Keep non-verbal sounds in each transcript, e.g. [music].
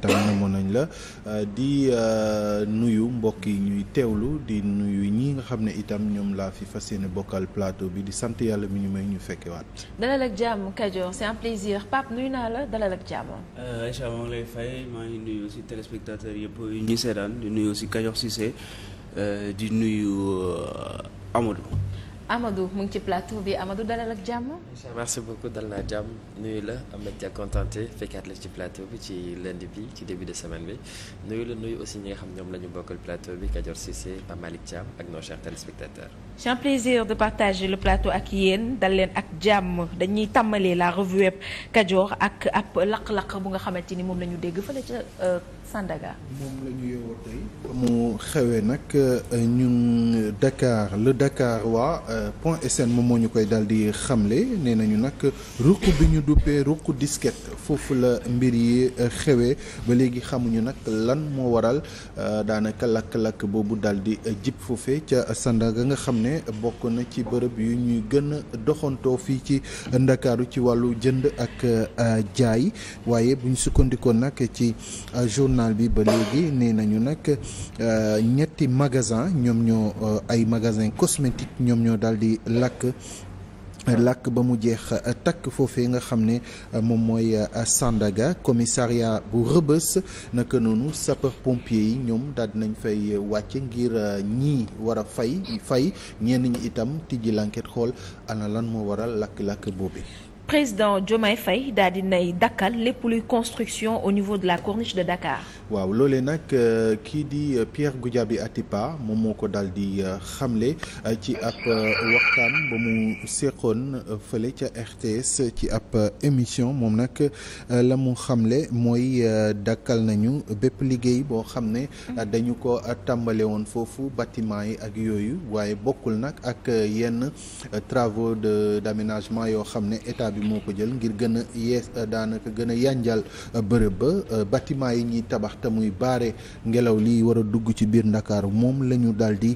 temps namoon nañ la euh, di euh, nuyu mbokk yi ñuy teewlu di nuyu ñii nga xam ne itam ñoom laa fi fas yéene bokkal plateau bi di sant yàlla mi ñu may ñu fekke waat dalal ak jàmm Kajoor c'est un plaisir Pape nuyu naa la dalal ak jàmm. Euh, Aïcha maa ngi lay fay maa ngi nuyu aussi téléspectateurs yëpp yu ñuy seetaan di nuyu aussi Kajoor Cissé di nuyu Amadou. Amadou mu ngi ci plateau bi Amadou dalal ak jàmm. merci beaucoup dal naa jàmm nuyu la Ahmed Dia contenté fekkaat la ci plateau bi ci lundi bi ci début de semaine bi nuyu la nuyu aussi ñi nga xam ñoom la ñu bokkal plateau bi Kadior Cissé Pape Malick Thiam ak nos chers téléspectateurs. c'est plaisir de partager le plateau ak yéen dal leen ak jàmm dañuy tàmmalee la revue web Kadior ak ab laq-laq bu nga xamante ni moom la ñu dégg fële ca. Euh, Sandaga. moom la mu xewee nag euh, ñun Dakar le Dakar waa euh, point sn moom moo ñu koy daal di xamle nee nañu nag ruq bi ñu duppee ruq disquette foofu la mbir yi euh, xewee ba léegi xamuñu nag lan moo waral daanaka lakk-lakk boobu daal di jib foofe ca Sandaga nga xam ne bokk na ci bërëb yu ñuy gën doxantoo fii ci Ndakaaru ci wàllu jënd ak jaay waaye bu ñu nag ci journal journal bi ba léegi nee nañu nag euh, ñetti magasin ñoom ñoo euh, ay magasin cosmétique ñoom ñoo daal di lakk làkk ba mu jeex takk foofee nga xam ne euh, moom mooy Sandaga commissariat bu Rebeuss naka noonu sapeur pompier yi ñoom daal di nañ fay wàcc ngir ñii war a fay fay ñenn ñi itam tijji l'enquête xool ana lan moo waral lakk-lakk boobu. président Diomaye Faye daal di nay dakkal lépp luy construction au niveau de la corniche de Dakar. waaw loolee nag euh, kii di euh, Pierre Goudiaby Atepa moom moo ko daal di euh, xamle ci ab waxtaan ba mu seqoon fële ca RTS ci ab émission moom nag la mu xamle mooy dakkal nañu bépp liggéey boo xam ne. dañu ko tàmbale woon foofu batiment yi ak yooyu waaye bokkul nag ak yenn travaux de d'aménagement yoo xam ne état moo ko jël ngir gën a yees euh, daanaka gën a yanjal euh, bërëb ba euh, bâtiment yi ñuy tabax te muy baare ngelaw li war a dugg ci biir Ndakaaru moom lañu ñu di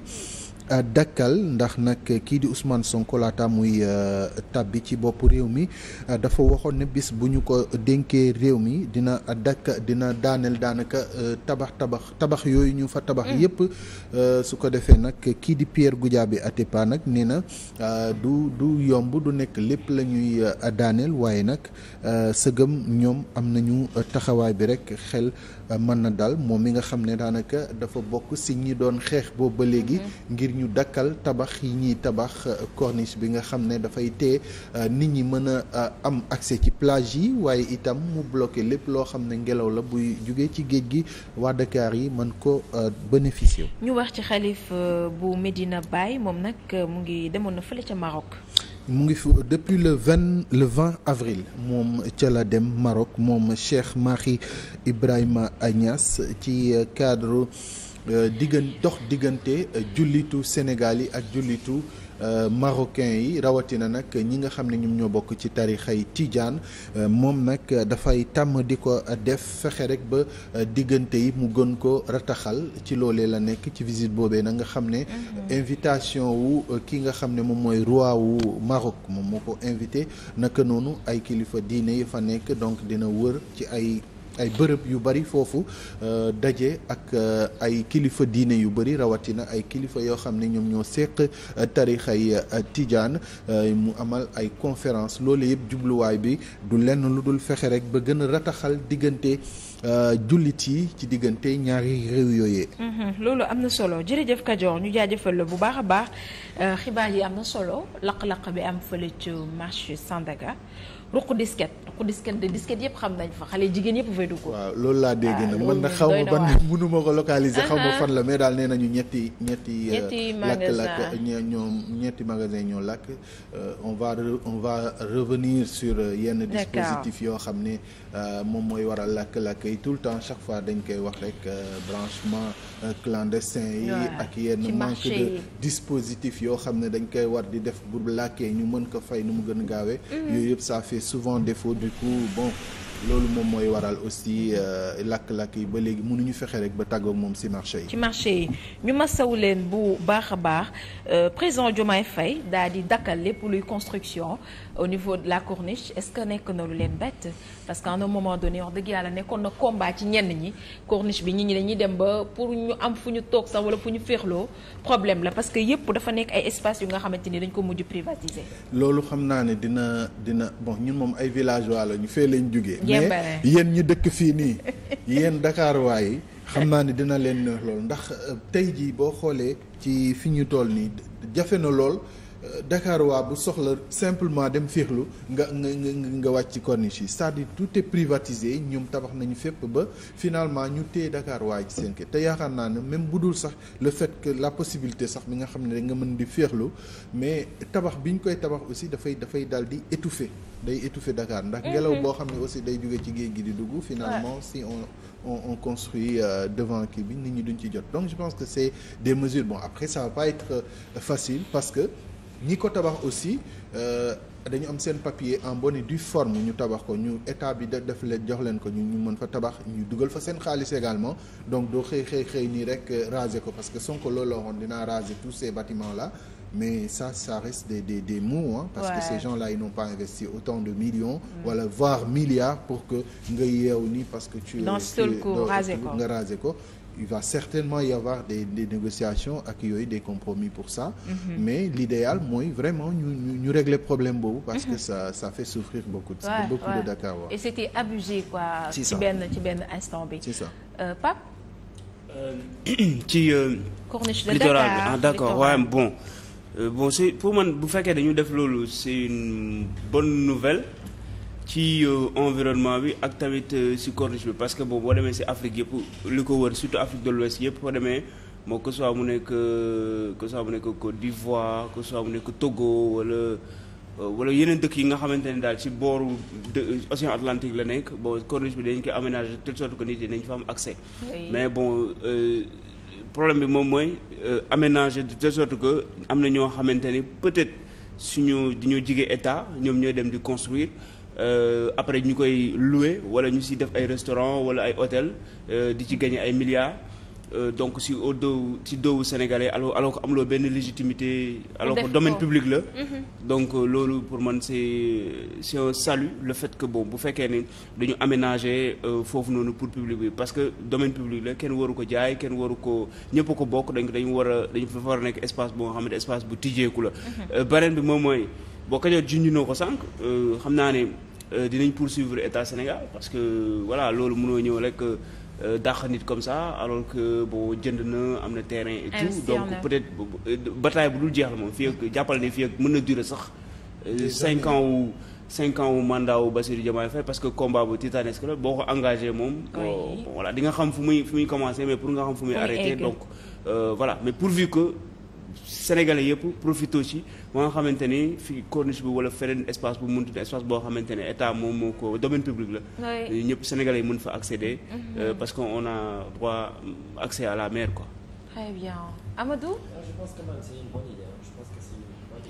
dàkkal ndax nag kii di Ousmane Sonko laata muy euh, tàbbi ci bopp réew mi euh, dafa waxoon ne bis bu ñu ko dénkee réew mi dina dakk dina daaneel daanaka euh, tabax tabax tabax yooyu ñu fa tabax mm. yépp su ko defee nag kii di Pierre Goudiaby Atepa nag nee na du du yomb du nekk lépp la ñuy daaneel waaye nag sëgëm ñoom am nañu taxawaay bi rek xel mën na daal moom mi nga xam ne daanaka dafa bokk si ñi doon xeex boobu léegi mm-hmm. ngir ñu dakkal tabax yi ñuy tabax euh, corniche bi nga xam ne dafay tee euh, nit ñi mën a euh, am accès ci plage yi waaye itam mu bloqué lépp loo xam ne ngelaw la buy jugee ci géej gi waa Dakar yi mën ko bénéficier ñu wax ci xalif bu Medina Baye moom nag mu ngi demoon na fële ca Maroc. mu ngi fi depuis le vingt le vingt avril moom ca la dem Maroc moom Cheikh Mahi Ibrahima Niass ci cadre. Euh, diggan dox diggante euh, jullitu Sénégal yi ak jullitu euh, marocain yi rawatina nag ñi nga xam ne ñoom ñoo bokk ci tarixa yi tijaan moom nag dafay tàmm di ko def fexe rek ba diggante yi mu gën ko rataxal ci loole la nekk ci visite boobee nag nga xam ne mm-hmm. invitation wu ki nga xam ne moom mooy roi wu Maroc moom moo ko invité naka noonu ay kilifa diine yi fa nekk donc dina wër ci ay ay bërëb yu bari foofu euh, daje ak euh, ay kilifa diine yu bari rawatina ay kilifa yoo xam ne ñoom ñoo seq euh, tarixa yi tijaan mu amal ay conférence loolu yëpp jubluwaay bi du lenn lu dul fexe rek ba gën a rataxal diggante jullit yi ci diggante ñaari réew yooyee. Mhm, loolu am na solo jërëjëf Kajoor ñu jaajëfal la bu baax a baax xibaar yi am na solo laq-laq bi am fële ci marché Sandaga. ruq disket ruq disket de disket yëpp xam nañ fa xale jigéen yëpp fay dugg. waaw loolu laa dégg a ah, man na xaw ma ban [laughs] mënu ma ko localiser. xaw ma fan la mais daal nee nañu ñetti ñetti. Euh, ñetti magasin lakk lakk ñoom ñetti magasin ñoo lakk. Euh, on va on va revenir sur euh, yenn dispositif yoo xam ne moom mooy waral lakk-lakk yi tout le temps chaque fois dañ koy wax rek branchement clandestin yi. ak yenn manque de dispositif yoo xam ne dañ koy war di def bu làkkee ñu mën ko fay nu mu gën gaawee. Mhm. yooyu yëpp ça souvent défaut du coup bon loolu moom mooy waral aussi euh, lakk-lakk yi ba léegi mënuñu fexe rek ba tàggoog moom ci marché yi. ci marché yi ñu ma masawu leen bu baax a baax euh, président Diomaye fay daal di dakkal lépp luy construction au niveau de la corniche est-ce que nekk na lu leen bett. parce qu'à un moment donné wax dëgg yàlla nekkoon na combat ci ñenn ñi corniche bi ñi ñi dañuy dem ba pour ñu am fu ñu toog sax wala fu ñu feexloo problème la parce que yëpp dafa nekk ay espace yu nga xamante ni dañ ko mujj privatiser. loolu xam naa ne dina dina bon ñun moom ay village la ñu fee lañ jógee. mais yéen ñu dëkk fii nii [laughs] yéen Dakar waay xam naa ne dina leen neex loolu ndax euh, tey jii boo xoolee ci fi ñu tool nii jafe na lool. Dakar waa bu soxla simplement dem féexlu nga nga nga wàcc corniche yi cest tout est privatiser ñoom tabax nañu fépp ba finalement ñu téye dakaar waa ci seen kër te yaakaar naa ne même bu dul sax le fait que la possibilité sax bi nga xam ne nga mën di féexlu mais tabax bi ñu koy tabax aussi dafay dafay daal di étouffer day étouffer Dakar ndax ngelaw mhm. boo xam ne aussi day jóge ci géej gi di dugg finalement si on on on construit euh, devant kii bi nit ñi duñ ci jot donc je pense ñi ko tabax aussi euh, dañu am seen papier en bonne et forme ñu tabax ko ñu état bi def leen jox leen ko ñu ñu mën fa tabax ñu dugal fa seen xaalis également donc doo xëy xëy xëy nii rek euh, raser ko parce que Sonko loolu la waxoon dinaa raser tous ces bâtiments là mais ça ça reste des des des mots hein, parce ouais. que ces gens là ils pas investi autant de millions. Mm. wala mm. voilà, voire milliards pour que nga yeew nii parce que. tu dans seul coup nga raser ko. il va certainement y avoir des des négociations ak yooyu des compromis pour ça. Mm -hmm. mais l'idéal mooy vraiment ñu ñu ñu régler problème boobu. parce que mhm. ça ça fait souffrir beaucoup. de ouais, beaucoup et c'était abusé quoi. ci benn ci benn instant bi. c'est ça euh, euh [clears throat] ci. Euh, corniche de littoral bi ah d'accord euh, bon. c'est pour man bu fekkee dañu def loolu c'est une bonne nouvelle. ci euh, environnement bi ak tamit si euh, corniche bi parce que boo boo demee si Afrique yëpp li ko wër surtout Afrique de l'Ouest yëpp boo demee moo que soit mu nekk euh, que soit mu nekk Côte d'Ivoire que soit mu nekk Togo wala wala yeneen dëkk yi nga xamante ne daal ci booru océan Atlantique la nekk bon corniche bi dañ koy aménager de telle sorte que nit yi dañ fa am accès. mais bon problème bi moom mooy aménager de telle sorte que am na ñoo xamante ni peut-être suñu di ñu jige état ñoom ñooy dem di construire. Euh, après ñu koy louer wala ñu si def ay restaurant wala ay hôtel euh, di ci gagner ay milliards euh, donc si au dos si doowu sénégalais alors alors que amuloo benn légitimité alors que domaine public la mhm. donc loolu pour man c'est c'est un salut le fait que bon bu fekkee ne dañu aménager foofu noonu pour public bi parce que domaine public la kenn waru ko jaay kenn waru ko ñëpp ko bokk dañ dañu war a dañu fa war a nekk espace boo nga xam ne espace bu tijjeeku la mhm. beneen bi moom boo ko jot ko sànq euh, xam naa ne euh, dinañ poursuivre état Sénégal parce que voilà loolu mënoo ñëw rek euh, dàq nit comme ça alors que boo jënd na am na terrain et tout donc peut-être bataay bu dul jeex la moom fii ak jàppal ne fii ak mën na durer sax cinq ans ou cinq ans wu mandat wu Bassirou Diomaye Faye parce que combat bu titanesque la boo ko engagé moom voilà di nga xam fu muy fu muy commencé mais pour nga xam fu muy arrêté donc voilà mais pourvu que sénégalais yëpp profité ci ba xamante ni fii corniche bi wala feneen espace bu mun espace boo xamante ne état moom moo ko domaine public la. ñëpp sénégalais mun fa accéder. Mhm. Euh, parce que on a droit accès à la mer quoi.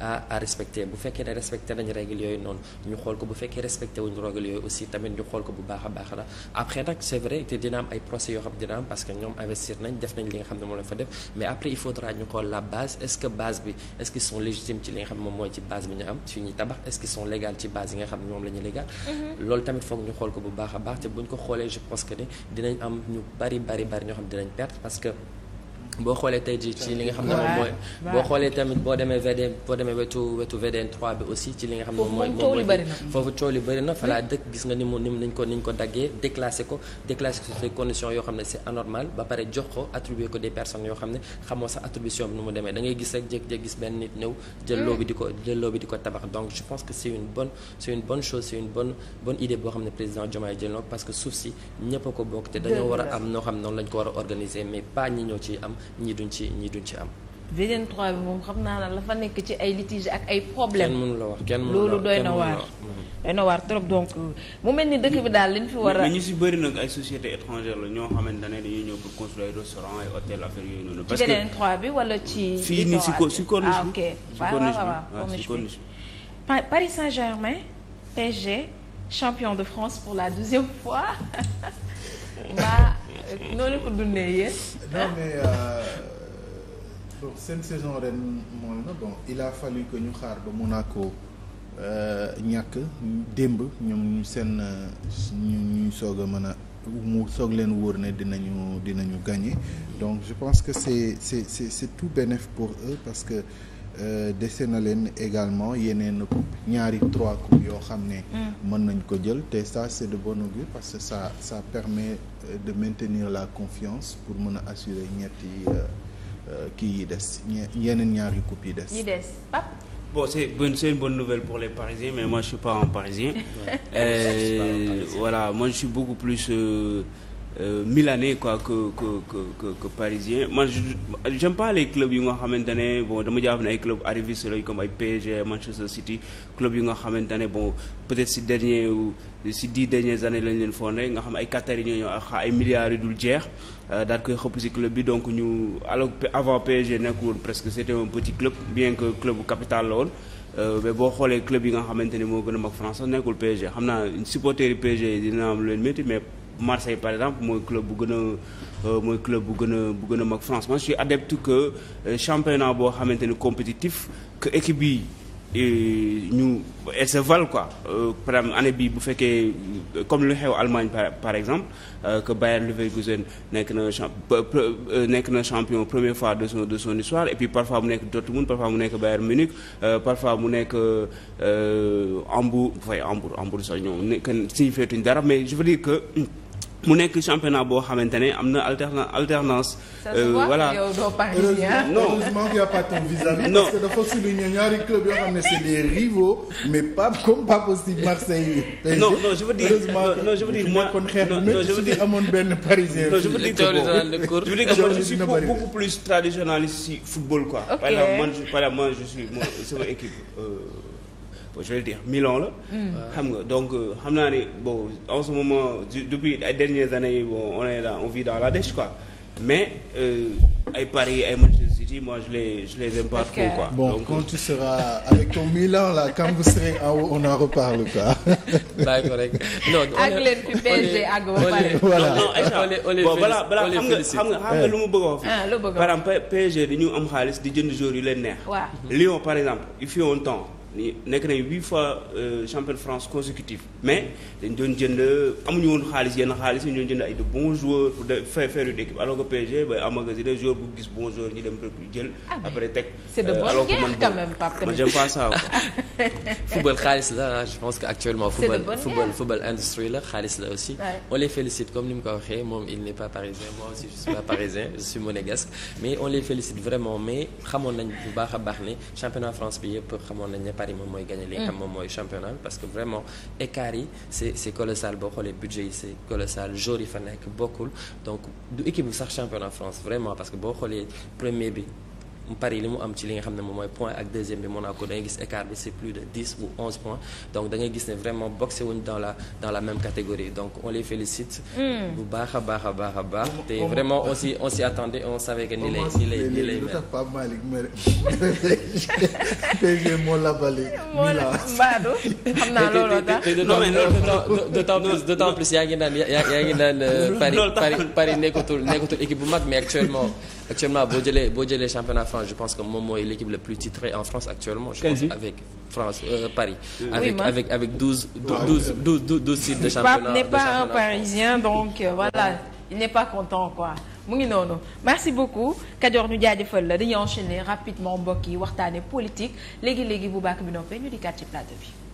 ah à respecter bu fekkee ne respecté nañ règle yooyu noonu ñu xool ko bu fekkee respecté wuñ règle yooyu aussi tamit ñu xool ko bu baax a baax la après nag c'est vrai te dina am ay procès yoo xam dina am parce que ñoom investir nañ def nañ li nga ne moom la légal mm-hmm. loolu tamit foog ñu xool ko bu baax a baax te buñ ko xoolee je pense que ne am ñu bari bari bari ñoo xam dinañ perte parce que boo xoolee tey jii ci li nga xam ne moom xoolee tamit boo demee VDN boo demee wetu wetu VDN 3 bi aussi ci li nga xam ne moom mooy. foofu coow li bëri na falaa dëkk gis nga ni mu ni ñu ko ni ñu ko daggee déclassé ko déclassé ko yoo xam ne c'est anormal ba pare jox ko attribué ko des personnes yoo xam ne xamoo sa attribution bi nu demee da ngay gis rek jékki-jékki gis benn nit ñëw ko jël loo di ko tabax donc je pense que c'est une bonne c'est une bonne chose c'est président Diomaye jël parce que suuf si ñëpp ko bokk te dañoo war a am noo xam noonu lañ ko war a organiser mais pas ñi ñoo ci am ñii duñ ci ñi duñ ci am. VDN 3 bi moom xam naa la fa nekk ci ay litige ak ay problème kenn mënu la wax kenn mënu la wax loolu doy na waar. Mm-hmm. doy na waar trop donc mu mel ni dëkk bi daal li ñu fi war a. mais si bëri nag ay sociétés étrangères la ñoo xamante ne dañuy ñëw pour construire ay restaurants ay hôtels affaire yooyu noonu. parce bi wala ci. fii nii si co si corniche bi ah ok waaw waaw waaw ah, Paris Saint-Germain PSG champion de France pour la deuxième fois. [laughs] noonu ko dundee yéen. non mais donc euh, seen saison ren mooy na bon il a fallu que ñu xaar ba Monaco euh, ñàkk démb ñoom ñu seen euh, ñu ñu soog a mën a mu soog leen wóor ne dinañu dinañu gagner donc je pense que c'est c'est c'est c'est tout bénéf pour eux parce que. Euh, dese na leen également yeneen coupe ñaari trois coupe yoo xam ne mm. mën nañ ko jël te ça c'est de bon augure parce que ça ça permet euh, de maintenir la confiance pour mën a assurer ñetti euh, kii yi des yeneen ñaari coupe yi des yi des Pape bon c'est une bonne nouvelle pour les Parisiens mais moi je suis pas un Parisien [laughs] euh, voilà moi je suis beaucoup plus Euh, Milanais quoi que que que que parisien man j'aime pas les yu nga xamante ne bon dama jàpp ne ay club arriviste comme ay PSG Manchester City club yu nga xamante ne bon peut-être ci dernier ci dix dernières années lañ leen fondé nga xam ay Qatar ay milliards yu jeex euh, daal koy xëpp ci club bi donc ñu alors avant PSG nekkul woon presque c'était un petit club bien que club capital la woon euh, mais boo xoolee club yi nga xamante ne moo gën a mag France nekkul PSG xam naa supporters yi PSG dina am lu leen métti Marseille par exemple mooy club bu gën euh, mooy club bu gën a bu gën a mag France man je adepte que euh, championnat boo xamante ni compétitif que équipe bi euh, ñu elles se valent quoi par exemple année bii bu fekkee comme lu xew Allemagne par exemple que Bayer Leverkusen nekk na champ nekk na champion première fois de son de son histoire et puis parfois mu nekk Dortmund parfois mu nekk Bayern Munich parfois mu nekk Hambourg fay Hambourg ñoom nekk signifié tuñ dara mais je veux dire que. mu nekk championnat boo xamante ne am na alterna alternance. Euh, voilà yow doo parisien non heureusement qu'il y a pas ton visa. non parce que dafa souligner ñaari club yoo xam ne c'est des rivaux mais pas comme je veux dire non je veux dire benn parisien. non je veux dire que je veux dire que je suis beaucoup plus man par exemple je vais dire Milan la. Hmm. Euh, xam nga donc euh, xam naa ne bon en ce moment depuis ay dernières années bon on est là on vit dans la dèche quoi mais euh, ay Paris ay Manchester City moi je les je les aime quoi. bon donc, quand tu seras avec ton Milan là quand vous serez en haut on en reparle quoi. [laughs] d'accord rek non. ak leen fi PSG ak ba pare. bon balaa balaa xam nga xam nga xam nga lu mu bëgg a wax. ah lu bëgg a wax par exemple PSG dañu am xaalis di jënd joueurs yu leen neex. waaw par exemple il fut un temps. nekk nañ huit fois euh, champion France consécutif mais dañ doon jënd amuñu woon xaalis yenn xaalis ñu doon jënd ay de bons joueurs pour de faire faire une équipe alors que PSG ba emmagasiné joueur bu gis bon ñu dem rek jël. Ah, après teg euh, alors que man man [laughs] football xaalis la je pense que actuellement. football football industrie la xaalis la aussi. on les félicite comme ni mu ko waxee moom il n'est pas parisien moi aussi je suis pas parisien je suis monégasque mais on a Paris moom mooy gagné li nga mm. moom mooy championnat bi parce que vraiment écart yi c'est colossal boo xoolee budget yi c'est colossal jour yi fa nekk bokkul donc du équipe bi sax championnat France vraiment parce que boo xoolee premier bi Paris li mu am ci li nga xam ne moom mooy point ak deuxième bi Monaco da ngay gis écart bi c'est plus de dix ou onze points donc da ngay gis ne vraiment boxé wuñ dans la dans la même catégorie donc on les félicite. Hmm. bu baax a baax a baax a baax. te vraiment on [laughs] s'y on s'y attendait on savait que ni lay ni lay ni lay mel. Pape Malick mere PSG moo xam naa looloo tax. non mais loolu d'autant plus d'autant plus yaa ngi naan yaa ngi naan euh, [laughs] Paris Paris nekkatul nekkatul équipe bu mag mais actuellement. actuellement boo jëlee boo jëlee championnat France je pense que moom mooy l'équipe la plus titrée en France actuellement. je pense avec France euh, Paris. avec oui, avec avec douze douze douze douze titres de championnat n'est pas un Parisien donc euh, voilà il n'est pas content quoi. mu ngi noonu merci beaucoup Kajoor ñu jaajëfal la dañuy enchaîner rapidement mbokk yi waxtaane politique léegi léegi bu baax bi noppee ñu di kat ci plateau bi.